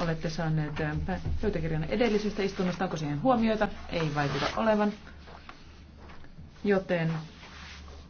Olette saaneet pöytäkirjan edellisestä istunnosta. Onko siihen huomioita? Ei vaikuta olevan. Joten